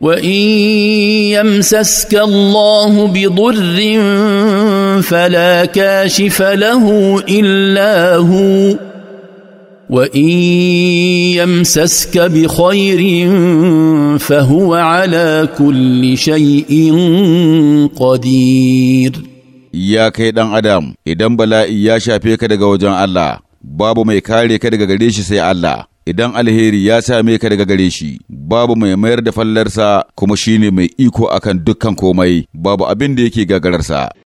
وان يمسسك الله بضر فلا كاشف له الا هو وان يمسسك بخير فهو على كل شيء قدير يا كيدان ادم idan bala'i ya shafe ka daga wajen Allah babu mai kare ka daga gare shi sai Allah idan alheri ya same ka daga gare shi babu mai mayar da fallarsa kuma shine mai iko akan dukkan komai babu abin da yake gagararsa